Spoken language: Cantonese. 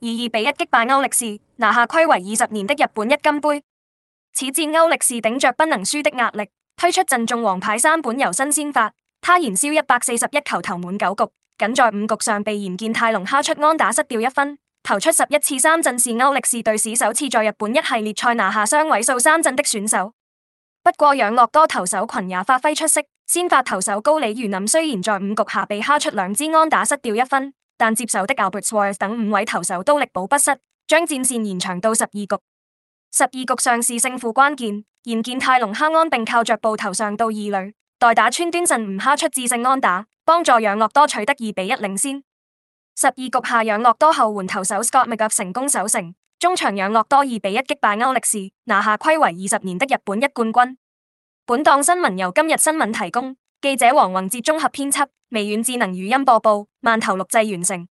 二二比一擊敗歐力士，拿下睽違二十年的日本一金杯。此戰歐力士頂着不能輸的壓力，推出陣中王牌三本由新先發，他燃燒一百四十一球投滿九局，僅在五局上被鹽見泰隆敲出安打失掉一分，投出十一次三振，是歐力士隊史首次在日本一系列賽拿下雙位數三振的選手。不過養樂多投手群也發揮出色，先發投手高里如林雖然在五局下被敲出兩支安打失掉一分。但接手的奧伯特、等五位投手都力保不失，將戰線延長到十二局。十二局上是勝負關鍵，現見泰隆敲安並靠着暴投上到二壘，代打川端慎吾敲出致勝安打，幫助養樂多取得二比一領先。十二局下養樂多後援投手斯科密吉成功守成，終場養樂多二比一擊敗歐力士，拿下暌違二十年的日本一冠軍。本檔新聞由今日新聞提供，記者黃宏哲綜合編輯。微軟智能語音播報，萬頭錄製完成。